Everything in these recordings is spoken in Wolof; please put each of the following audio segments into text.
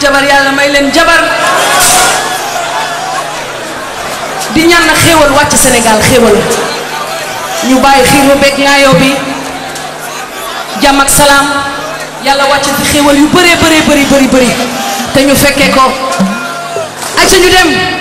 jabar yàlla may leen jabar di ñaan na xéewal wàcc senegal xéewal ñu bàyyi xiiro beeg ngaayoo bi jàmm ak salaam yàlla wàcc ci xéewal yu bëree bëree bëri bëri bari te ñu fekkee ko acca ñu dem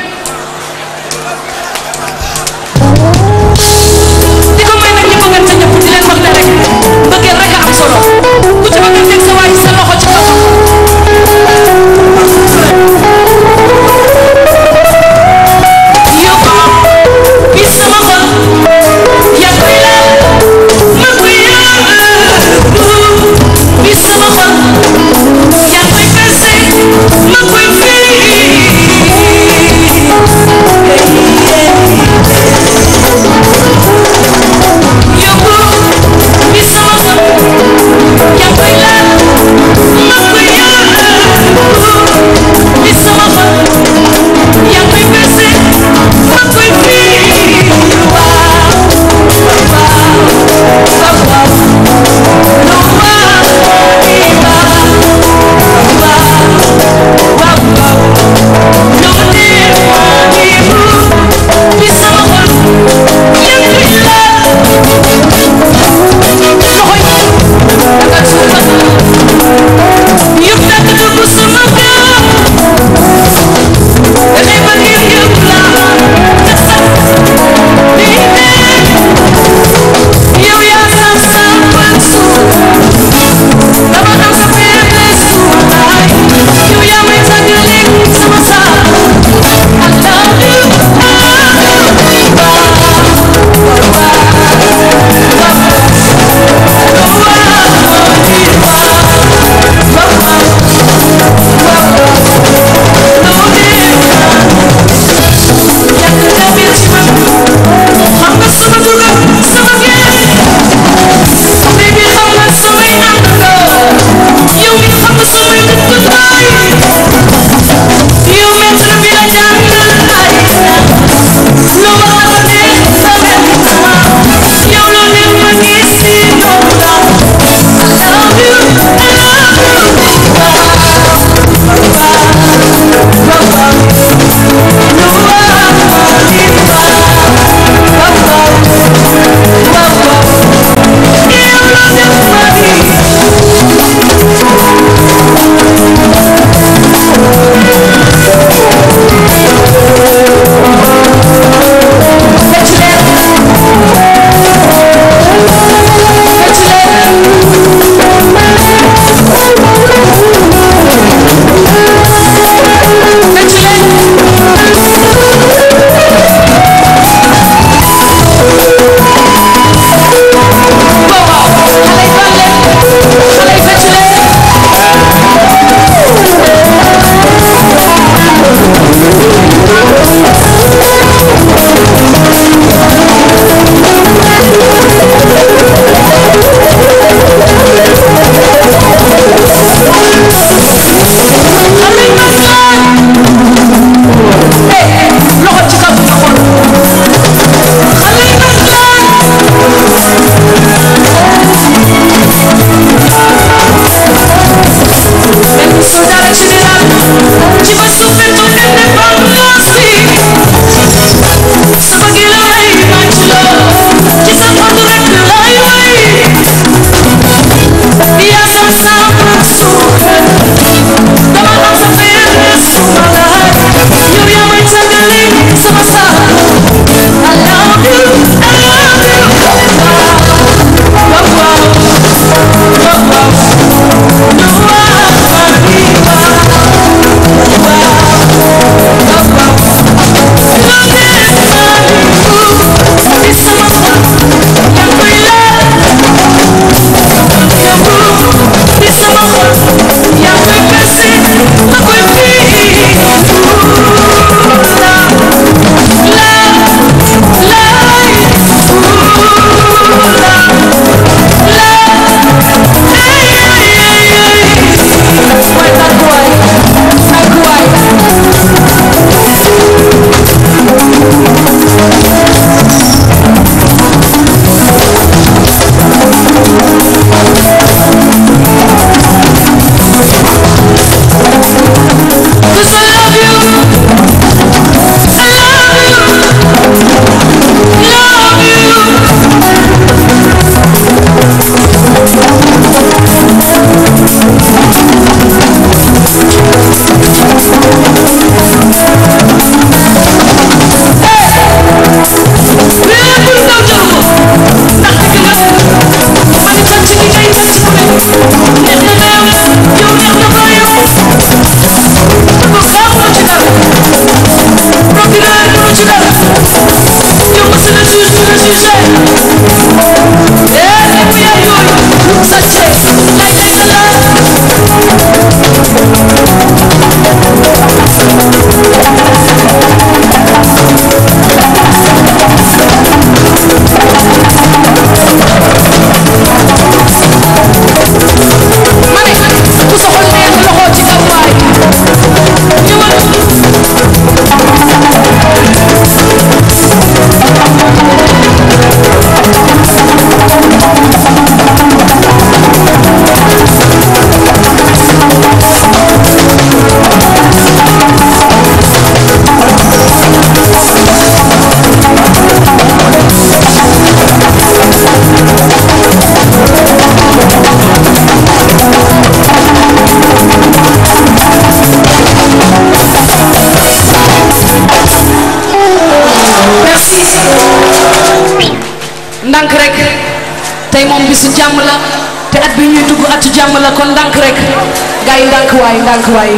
waay ndànk waay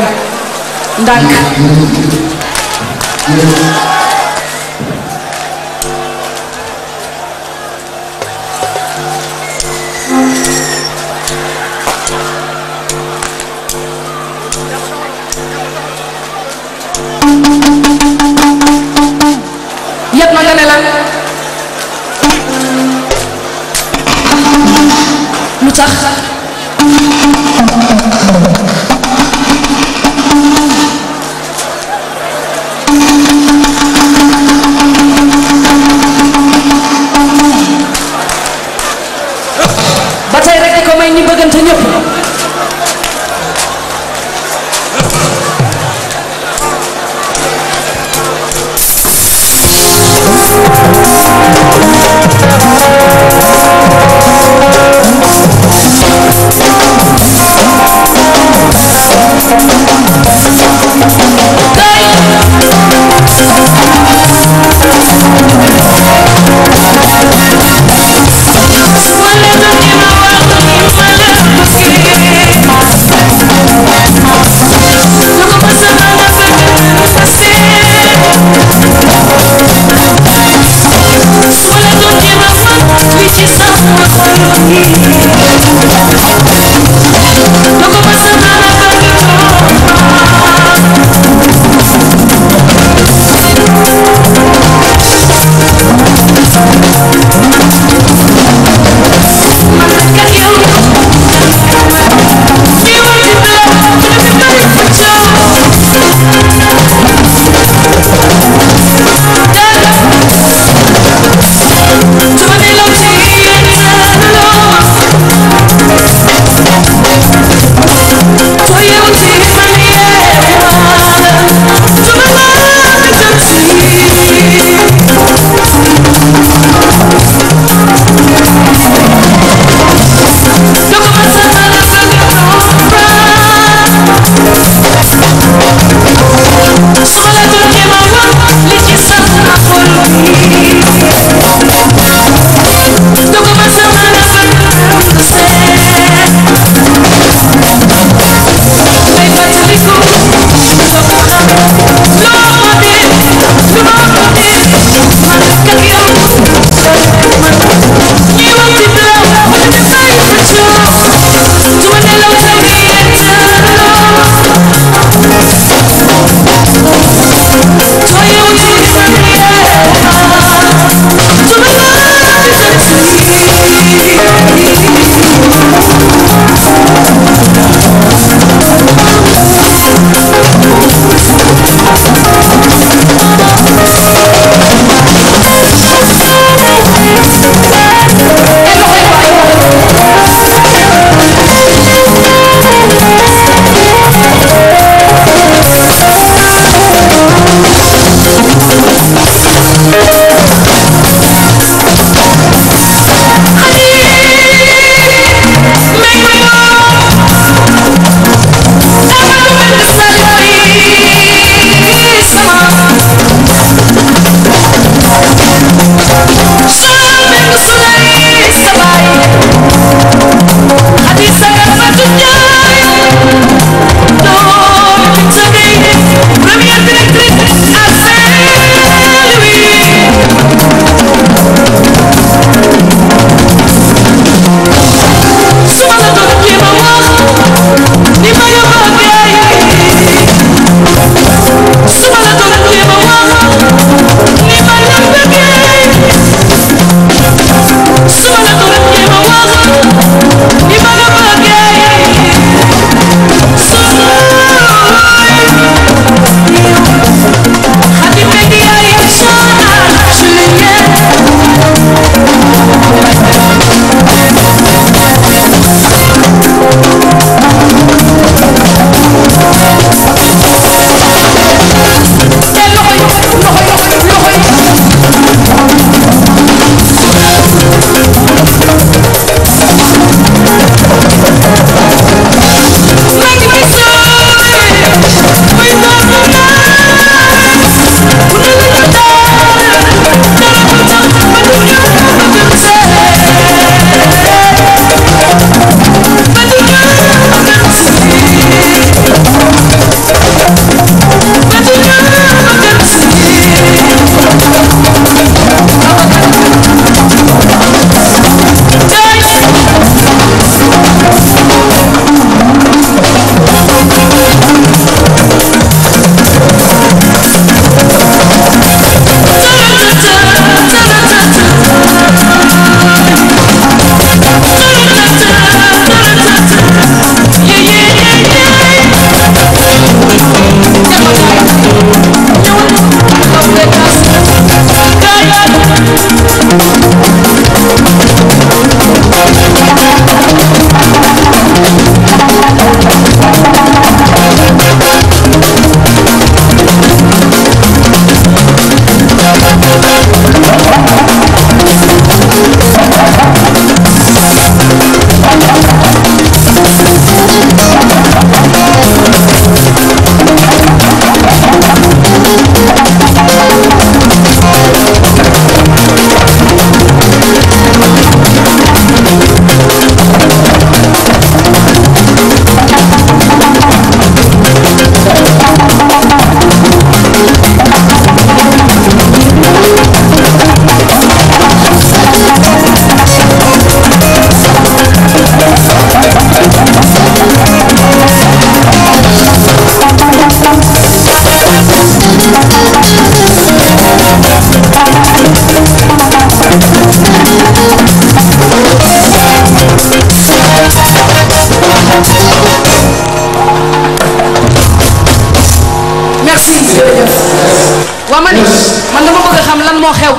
ndànk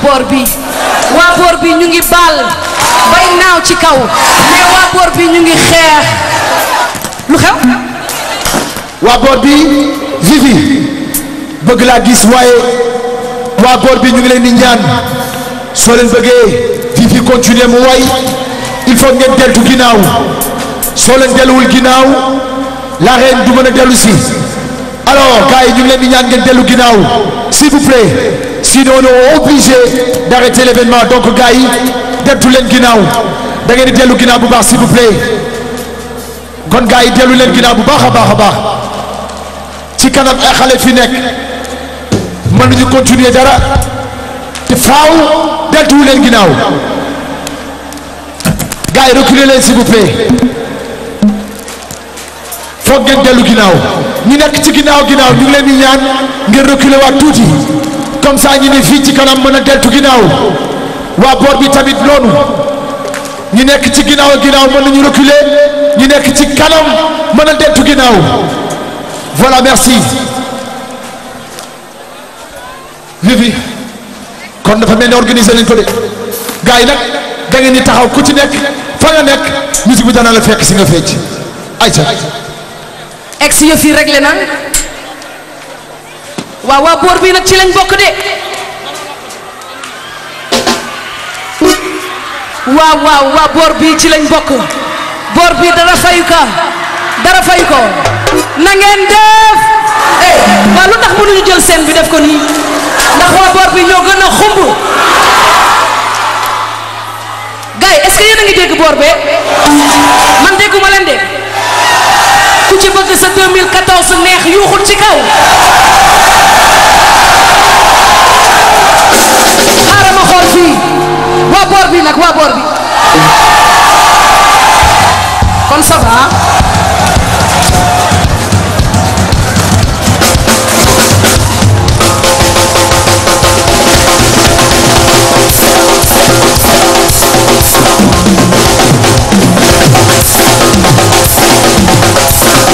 boor bi waa boor bi ñu ngi baal bay naaw ci kaw mais waa boor bi ñu ngi xeex lu xew waa boor bi Vivi bëgg laa gis waaye waa boor bi ñu ngi leen di ñaan soo leen bëggee Vivi continuer mu way il faut ngeen deltu ginnaaw soo leen delluwul ginnaaw la reine du mën a dellu si alors ñu ngi leen di ñaan ngeen dellu ginnaaw s'il vous plaît sinon on est obligé d'arrêter l'événement donc gars yi dettu leen ginnaaw da dellu ginnaaw bu baax si vous plaît kon gars yi dellu leen ginnaaw bu baax a baax a baax ci kanam ay xale fi nekk mënuñu continue dara te faaw deltu leen ginnaaw gars yi reculer leen s'il vous plaît foog ngeen dellu ginnaaw ñu nekk ci ginnaaw ginnaaw ñu leen di ñaan ngeen reculer waat tuuti. comme ça ñu ne fii ci kanam mën a deltu ginnaaw waa boor bi tamit noonu ñu nekk ci ginnaaw ginnaaw mën nañu reculer ñi nekk ci kanam mën a deltu ginnaaw voilà merci vivi kon dafa mel ni organiser nañ ko de gars nag da ni taxaw ku ci nekk fa nga nekk musique bi dana la fekk si nga fecc ayca ex yëf yi réglé na waaw waa boor bii nag ci lañ bokk de waaw waaw waaw boor bii ci lañ bokk boor bii dara fayu ka dara fayu ko na def eh waaw lu tax mënuñu jël seen bi def ko nii ndax waa boor bi ñoo gën a xumb gars yi est a ngi dégg boor bee man dégguma leen de. ku ci bëgg sa 2014 neex yuuxul ci kaw xaaral ma xool fii waa boor bi nag waa boor bi kon ça va Thank you.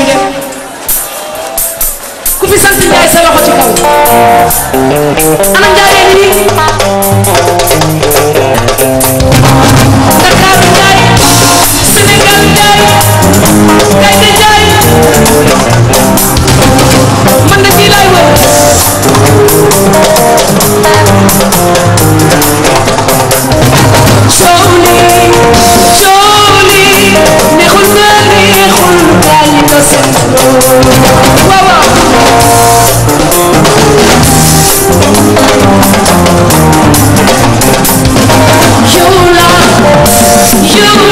ñu def ku fi sant Ndiaye sa loxo ci kaw ana Ndiaye nii Dakar Ndiaye Sénégal Ndiaye Gaynde Ndiaye man de fii laay wër You love, you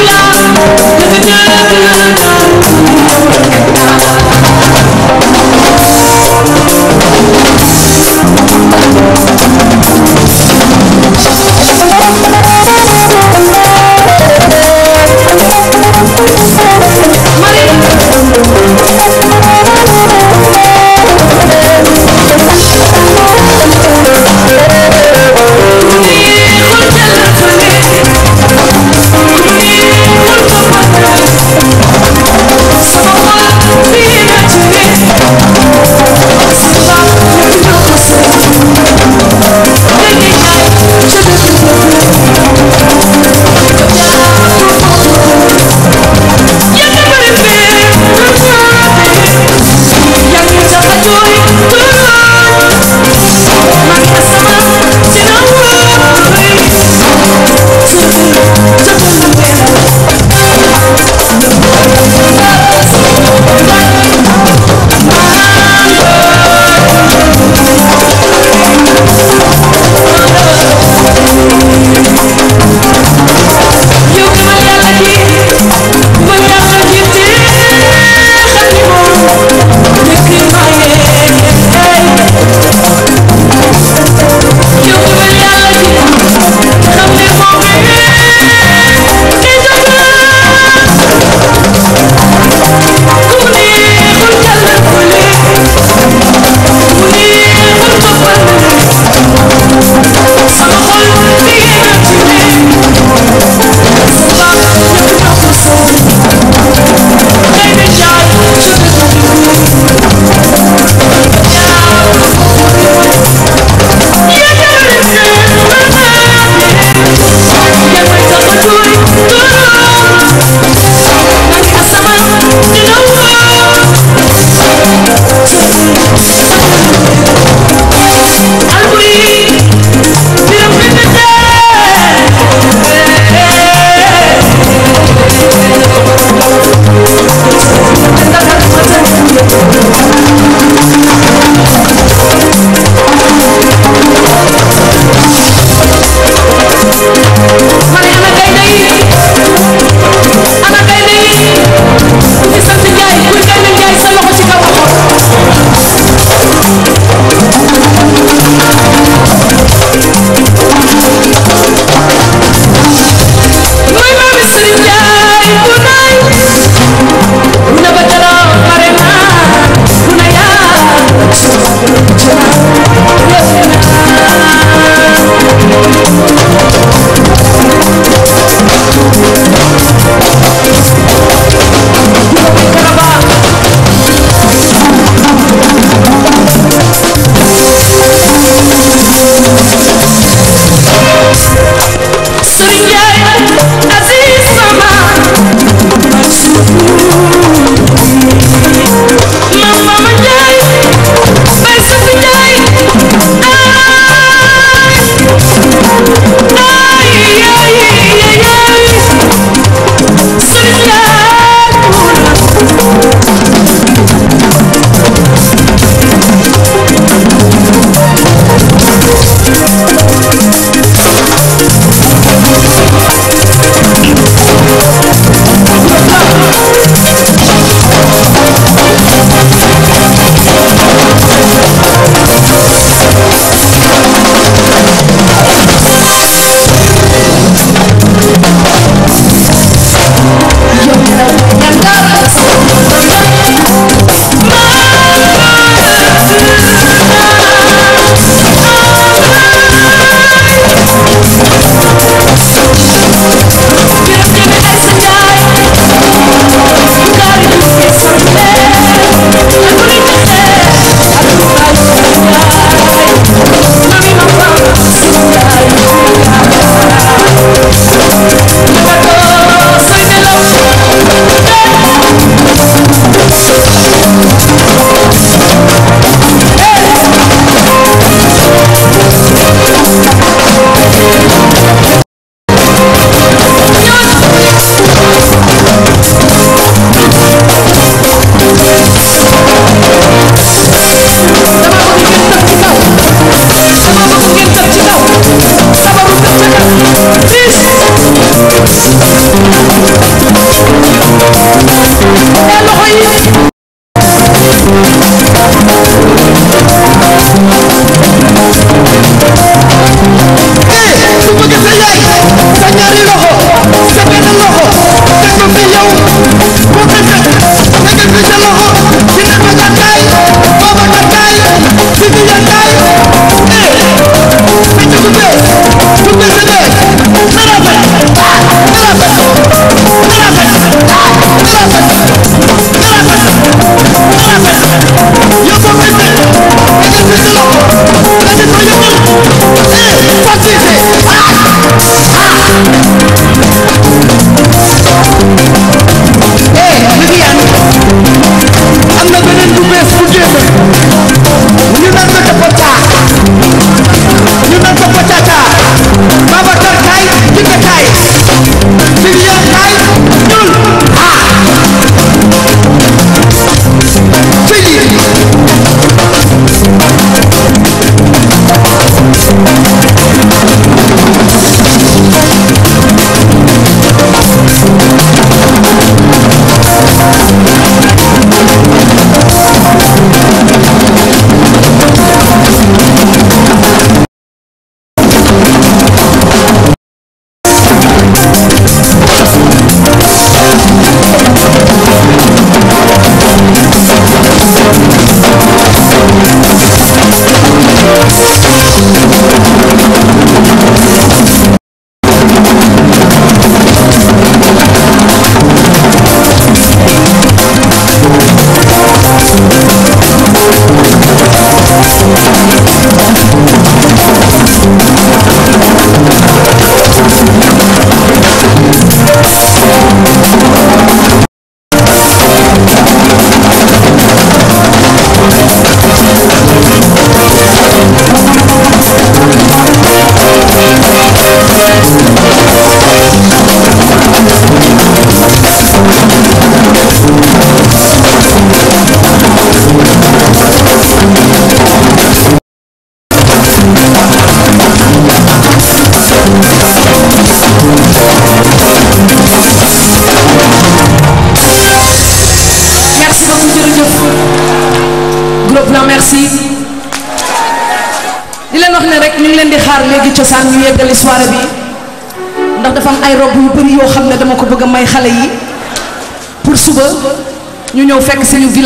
love, you love, you love.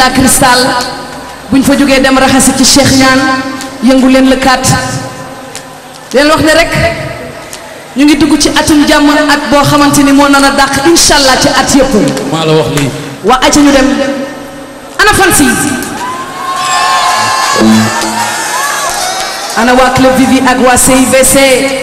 villa cristal bu ñu fa jógee dem raxasi ci Cheikh Ñaan yëngu leen le kat leen wax ne rek ñu ngi dugg ci atum jàmm at boo xamante ni moo nar a dàq incha allah ci at yëpp. maa la wax waa ñu dem ana fan ana waa club Vivi ak waa CIVC.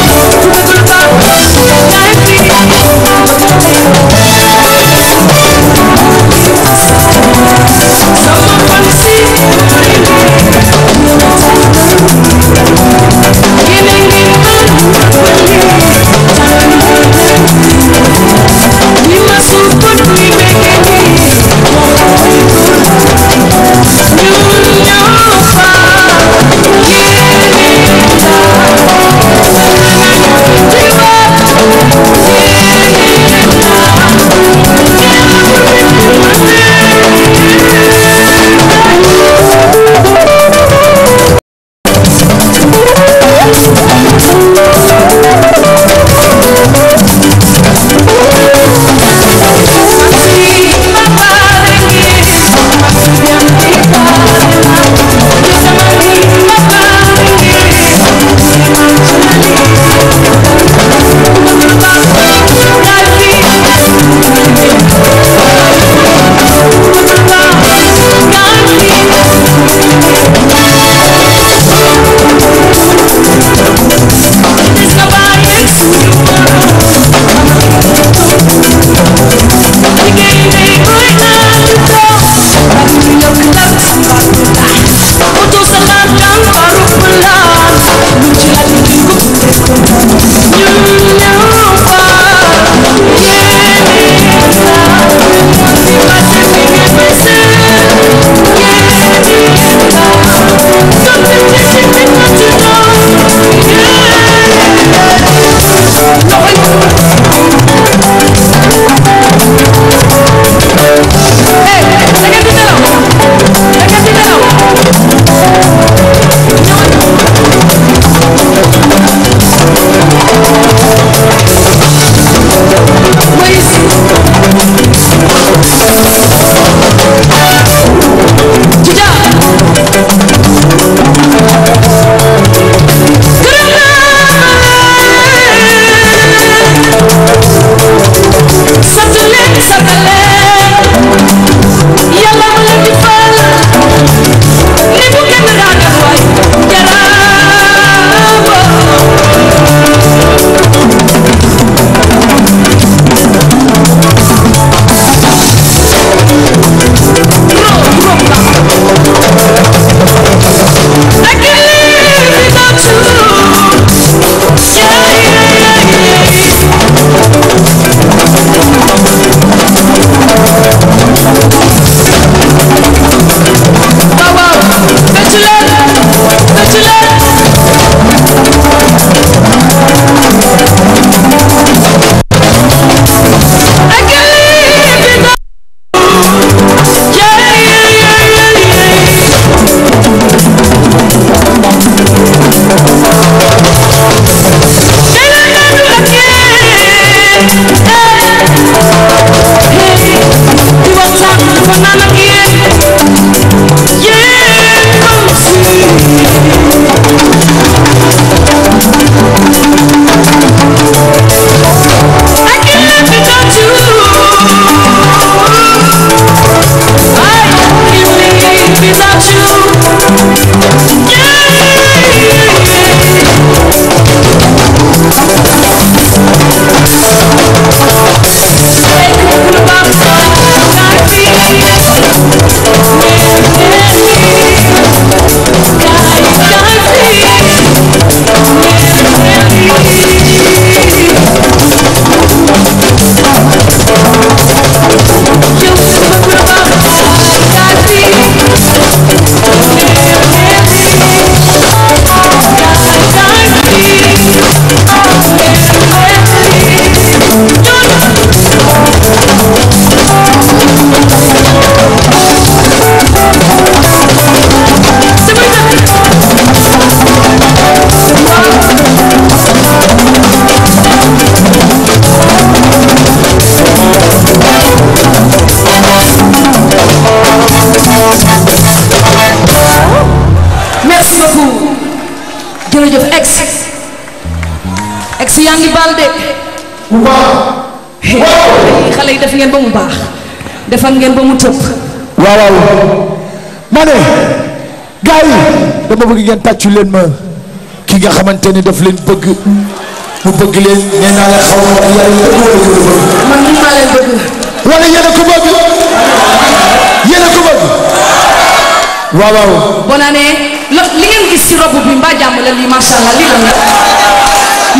bëgg ngeen tàccu leen ma ki nga xamante ni daf leen bëgg mu bëgg leen nee naa la xaw ma man ni maa leen bëgg. wala yéen a ko bëgg. yéen a ko bëgg. waaw waaw. bon année lo li ngeen gis ci robe bi mbaa jàmm la lii macha allah lii lan la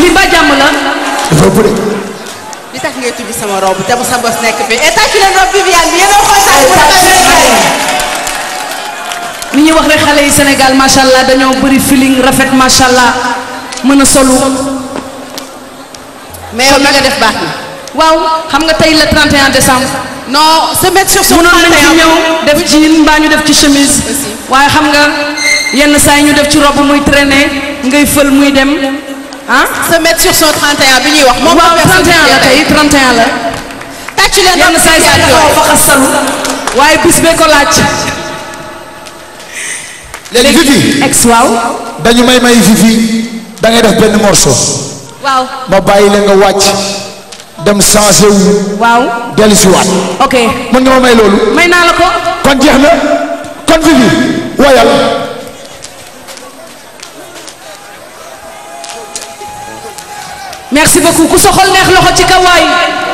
lii mbaa jàmm la. dafa bëri. li tax ngay tudd sama robe te mu sa bos nekk fii et eh, tàccu leen robe Viviane bi yéen a ko tàccu. li ñuy wax rek xale yi Sénégal macha allah dañoo bëri feeling rafet macha allah mën a solu. mais yow nga def baax na. waaw xam nga tey le 31 décembre. non se mettre sur son munoon nañu ñëw def ci baa ñu def ci chemise. waaye xam nga yenn saa yi ñu def ci robe muy traîner ngay fël muy dem ah. se mettre sur bi ñuy wax. moom waaw 31 la tey 31 la. tàcc leen yenn saa yi sax dafa xaw a fa xasalu waaye bis bee ko laaj. léegi Vivi ex waaw. dañu may may Vivi da ngay def benn morceau. ma bàyyi leen nga wàcc dem changé wu. waaw dellu si waat. ok mën nga ma may loolu. may naa la ko. kon jeex na kon Vivi woyal. merci beaucoup ku soxal neex loxo ci kawaay.